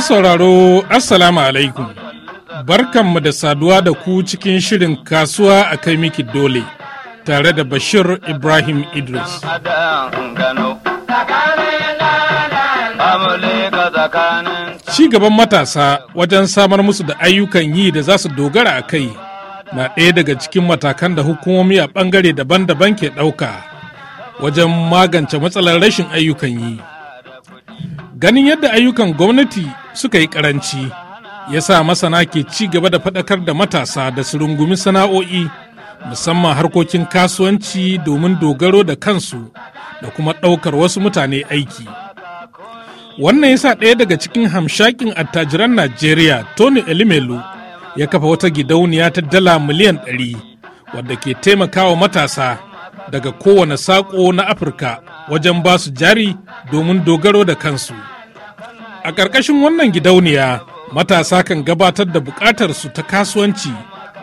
sauraro assalamu alaikum barkanmu da saduwa da ku cikin shirin kasuwa a kai miki dole tare da bashir ibrahim idris ci gaban matasa wajen samar musu da ayyukan yi da za su dogara a kai na ɗaya daga cikin matakan da hukumomi a ɓangare daban-daban ke ɗauka wajen magance matsalar rashin ayyukan yi ganin yadda ayyukan gwamnati suka yi karanci ya sa masana ke ci gaba da faɗakar da matasa da su rungumi sana'o'i musamman harkokin kasuwanci domin dogaro da kansu da kuma ɗaukar wasu mutane aiki wannan ya sa ɗaya daga cikin hamshakin attajiran najeriya tony elimelu ya kafa wata gidauniya ta dala miliyan 100 wadda ke taimakawa matasa daga kowane saƙo na afirka wajen ba su jari domin dogaro da kansu A ƙarƙashin wannan gidauniya, matasa kan gabatar da su ta kasuwanci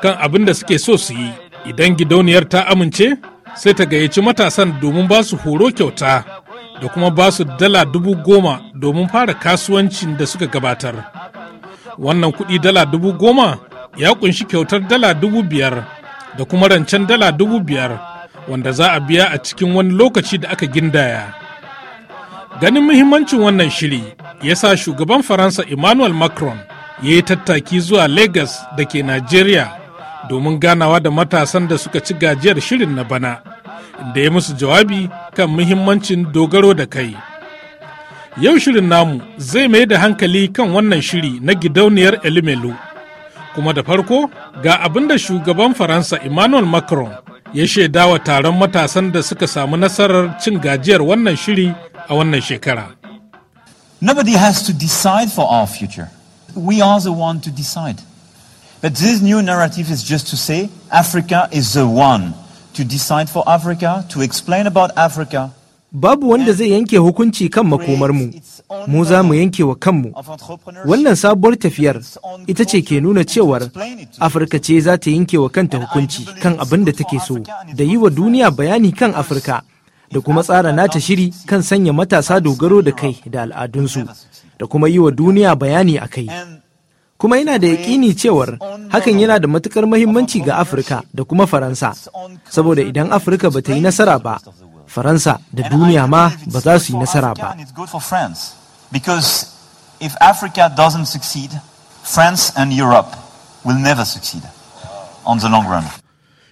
kan abin da suke so su yi. Idan gidauniyar ta amince, sai ta gayyaci matasan domin ba su horo kyauta da kuma ba su dala dubu goma domin fara kasuwancin da suka gabatar. Wannan kuɗi dala dubu goma ya kunshi kyautar dala dubu biyar da kuma rancen dala dubu biyar wanda za a biya a cikin wani lokaci da aka gindaya. Ganin muhimmancin wannan shiri ya sa shugaban Faransa Emmanuel Macron ya yi tattaki zuwa Lagos da ke Najeriya domin ganawa da matasan da suka ci gajiyar shirin na bana, da ya musu jawabi kan muhimmancin dogaro da kai. Yau shirin namu zai mai da hankali kan wannan shiri na gidauniyar Elimelu. Kuma da farko ga abin da shugaban Faransa Emmanuel Macron ya shaidawa taron matasan da suka samu nasarar cin gajiyar wannan shiri a wannan shekara. Nobody has to decide for our future. We are the one to decide. But this new narrative is just to say Africa is the one to decide for Africa, to explain about Africa. Babu wanda zai yanke hukunci kan makomarmu, mu za mu yanke wa kanmu. Wannan sabuwar tafiyar ita ce ke nuna cewar Afirka ce za ta yanke wa kanta hukunci kan abin da take so, da yi wa duniya bayani kan Afirka. da kuma tsara nata shiri kan sanya matasa dogaro da kai da al'adunsu da kuma yi wa duniya bayani a kai. Kuma yana da yaƙini cewar hakan yana da matukar mahimmanci ga Afirka da kuma Faransa, saboda idan Afirka ba ta yi nasara ba, Faransa da duniya ma ba za su yi nasara ba.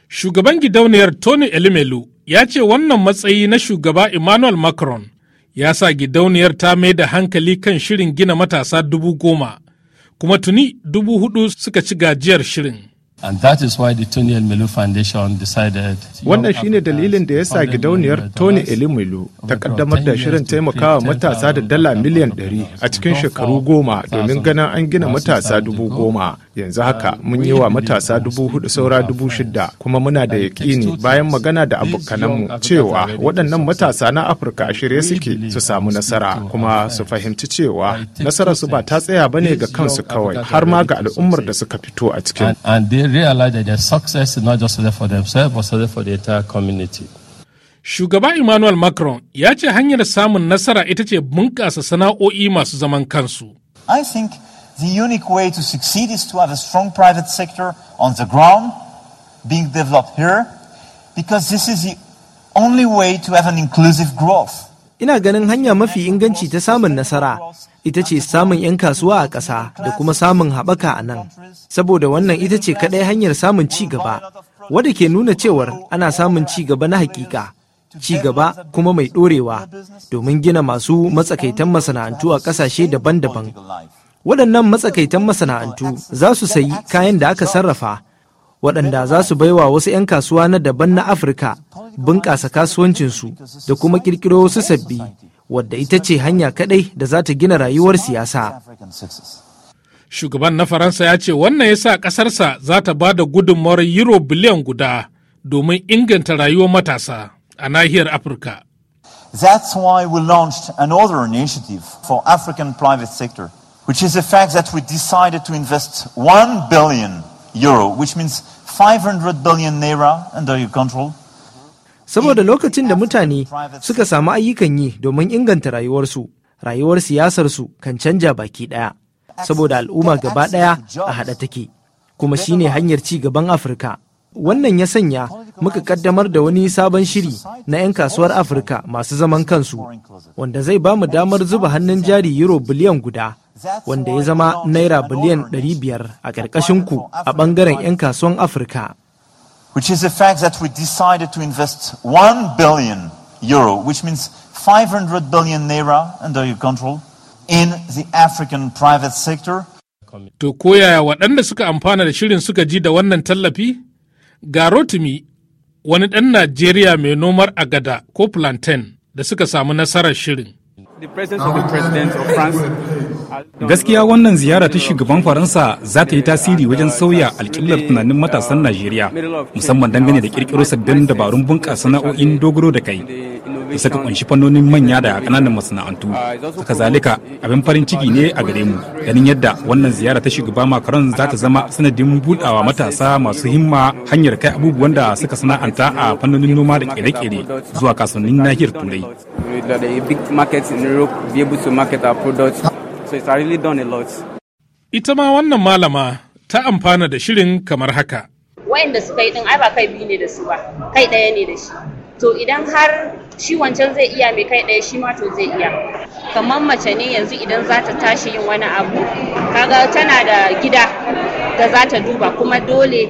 Shugaban gidauniyar Tony Elimelu ya ce wannan matsayi na shugaba Emmanuel Macron ya sa gidauniyar ta mai da hankali kan shirin gina matasa dubu goma, kuma tuni dubu hudu suka ci gajiyar shirin. And that is why the Tony Elmelu Foundation decided. Wannan shine dalilin da ya sa gidauniyar Tony Elmelu ta kaddamar da shirin taimakawa matasa da dala miliyan 100 a cikin shekaru goma domin ganin an gina matasa dubu goma. yanzu haka mun yi wa matasa dubu hudu saura dubu shida kuma muna da yaƙini bayan magana da abokananmu cewa waɗannan matasa na afirka a shirye suke su samu nasara kuma su fahimci cewa nasarar su ba ta tsaya ba ne ga kansu kawai har ma ga al'ummar da suka fito a cikin Shugaba Emmanuel Macron ya ce hanyar samun nasara ita ce bunƙasa sana'o'i masu zaman kansu. I think the unique way to succeed is to have a strong private sector on the ground being developed here because this is the only way to have an inclusive growth. Ina ganin hanya mafi inganci ta samun nasara ita ce samun 'yan kasuwa a ƙasa da kuma samun haɓaka a nan, saboda wannan ita ce kaɗai hanyar samun ci gaba, wadda ke nuna cewar ana samun ci gaba na hakika, ci gaba kuma mai ɗorewa domin gina masu matsakaitan masana'antu a ƙasashe daban-daban waɗannan matsakaitan masana'antu za su sayi kayan da aka sarrafa waɗanda za su baiwa wasu 'yan kasuwa na daban na afirka bunƙasa kasuwancinsu da kuma ƙirƙiro wasu sabbi wadda ita ce hanya kaɗai da za ta gina rayuwar siyasa shugaban na faransa ya ce wannan ya sa ƙasarsa za ta ba da gudunmawar euro biliyan guda domin inganta rayuwar matasa a nahiyar afirka That's why we launched another initiative for African private sector which is the fact that we decided to invest 1 billion euro, which means 500 billion naira under your control. Saboda lokacin da mutane suka samu ayyukan yi domin inganta rayuwarsu, rayuwar siyasarsu kan canja baki ɗaya, saboda al'umma gaba ɗaya a haɗa take, kuma shine hanyar ci gaban Afirka. Wannan ya sanya muka kaddamar da wani sabon shiri na 'yan kasuwar Afirka masu zaman kansu, wanda zai ba mu damar zuba hannun jari euro biliyan guda wanda ya zama naira biliyan 500 a ƙarƙashin ku a ɓangaren 'yan kasuwan afirka which is the fact that we decided to invest 1 billion euro which means 500 billion naira under your control in the african private sector to koyaya waɗanda suka amfana da shirin suka ji da wannan tallafi ga rotimi wani ɗan najeriya mai nomar agada ko plantain da suka samu nasarar shirin the presence of the president of france Gaskiya wannan ziyara ta shugaban Faransa za ta yi tasiri wajen sauya alƙiblar tunanin matasan Najeriya, musamman dangane da ƙirƙiro sabbin dabarun bunƙasa sana'o'in dogaro da kai. Da saka kunshi fannonin manya da ƙananan masana'antu. Haka zalika abin farin ciki ne a gare mu, ganin yadda wannan ziyara ta shugaba Macron za ta zama sanadin buɗawa matasa masu himma hanyar kai abubuwan da suka sana'anta a fannonin noma da ƙere-ƙere zuwa kasuwannin nahiyar Turai. So it's really done a lot. Ita ma wannan malama ta amfana da shirin kamar haka. da suka yi din ai ba kai biyu ne da su ba, kai ɗaya ne da shi. To idan har shi wancan zai iya mai kai ɗaya shi ma to zai iya. Kamar mace ne yanzu idan za ta tashi yin wani abu, kaga tana da gida da za ta duba kuma dole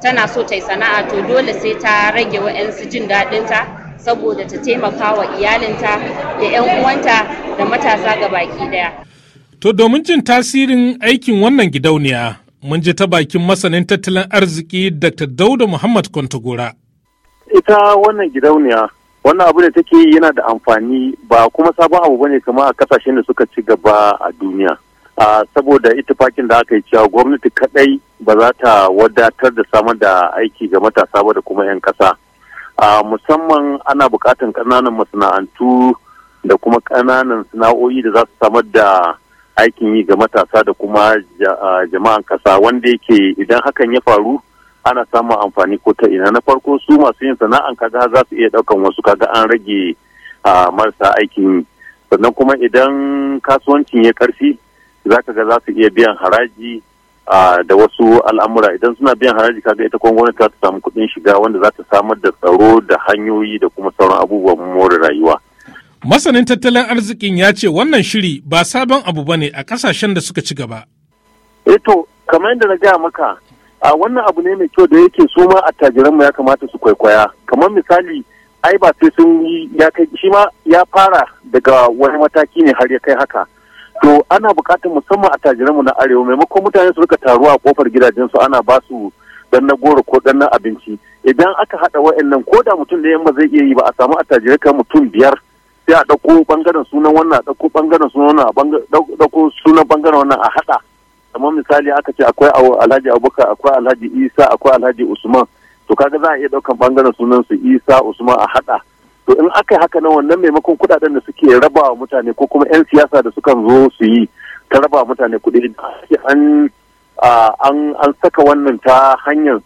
tana so ta yi sana'a to dole sai ta rage wa'yansu jin daɗin ta saboda ta taimaka wa iyalinta da 'yan uwanta da matasa ga baki ɗaya. To domin jin tasirin aikin wannan gidauniya, mun ji ta bakin masanin tattalin arziki Dr. Dauda Muhammad Kwantagora. Ita wannan gidauniya, wannan abu da take yi yana da amfani ba kuma sabon abu bane kamar a kasashen da suka ci gaba a duniya. saboda itifakin da aka yi cewa gwamnati kadai ba za ta wadatar da samar da aiki ga matasa ba da kuma 'yan kasa. musamman ana bukatan ƙananan masana'antu da kuma ƙananan sana'o'i da za su samar da aikin yi ga matasa da kuma jama'an kasa wanda yake idan hakan ya faru ana samun amfani ko ta ina na farko su masu yin sana'an kaga za su iya daukan wasu kaga an rage marasa aikin yi sannan kuma idan kasuwancin ya karfi za ka ga za su iya biyan haraji da wasu al'amura idan suna biyan haraji kaga ita kuma gwamnati za ta samu kuɗin shiga wanda za ta samar da tsaro da hanyoyi da kuma sauran abubuwan more rayuwa. Masanin tattalin arzikin ya ce wannan shiri ba sabon abu ba ne a kasashen da suka ci gaba. Eto, eh kamar yadda na gaya maka, a wannan abu ne mai kyau da yake su ma attajiranmu ya kamata su kwaikwaya. Kamar misali, ai ba sai sun yi ya kai shi ma ya fara daga wani mataki ne har ya kai haka. To ana bukatar musamman attajiranmu na arewa maimakon mutane su rika taruwa a kofar su ana ba su dan na goro ko dan na abinci. Idan aka haɗa wa'annan ko da mutum da yamma zai iya yi ba a samu attajirai kan mutum biyar sai a ɗauko ɓangaren sunan wannan a ɗauko ɓangaren sunan wannan sunan ɓangaren wannan a haɗa kamar misali aka ce akwai alhaji abubakar akwai alhaji isa akwai alhaji usman to kaga za a iya ɗaukan ɓangaren sunan su isa usman a haɗa to in aka yi haka na wannan maimakon kuɗaɗen da suke raba wa mutane ko kuma 'yan siyasa da sukan zo su yi ta raba mutane kuɗi an an saka wannan ta hanyar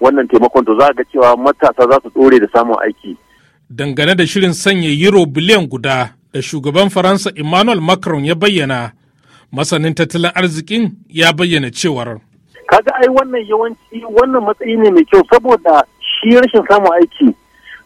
wannan taimakon to za ga cewa matasa za su ɗore da samun aiki dangane da shirin sanya euro biliyan guda da shugaban faransa emmanuel macron ya bayyana masanin tattalin arzikin ya bayyana cewar kaga ai wannan yawanci wannan matsayi ne mai kyau saboda shi rashin samun aiki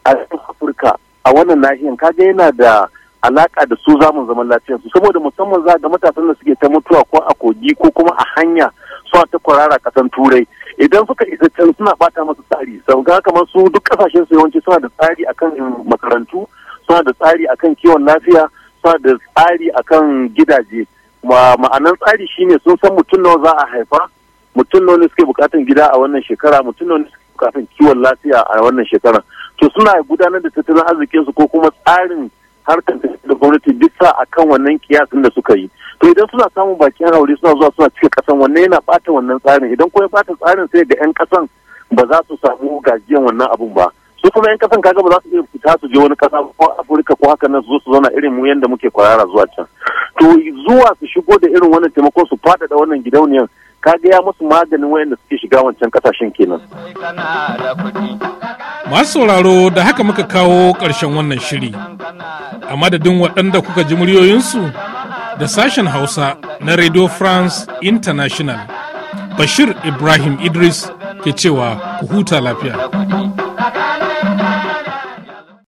a afirka a wannan nahiyan kaga yana da alaka da su zamun zaman su, saboda musamman za ga matasan da suke ta mutuwa ko a kogi ko kuma a hanya suna ta kwarara kasan turai idan suka isa can suna bata masu tsari sau ga kamar su duk kasashen su yawanci suna da tsari akan makarantu suna da tsari akan kiwon lafiya suna da tsari akan gidaje ma'anan tsari shine sun san mutum nawa za a haifa mutum nawa ne suke bukatan gida a wannan shekara mutum nawa ne suke bukatan kiwon lafiya a wannan shekara to suna gudanar da tattalin arzikin su ko kuma tsarin harkar da gwamnati bisa akan wannan kiyasin da suka yi to idan suna samun bakin haure suna zuwa suna cika kasan wannan yana bata wannan tsarin idan kuma ya bata tsarin sai da yan kasan ba za su samu gajiyan wannan abun ba su kuma yan kasan kaga ba za su iya fita su je wani kasa ko afirka ko haka nan su zo su zauna irin mu yanda muke kwarara zuwa can to zuwa su shigo da irin wannan taimakon su fadada wannan gidauniyan ka gaya musu maganin wayanda suke shiga wancan kasashen kenan. Masu sauraro da haka muka kawo karshen wannan shiri, a madadin waɗanda kuka ji muryoyinsu da sashen Hausa na Radio France International. Bashir Ibrahim Idris ke cewa ku huta lafiya.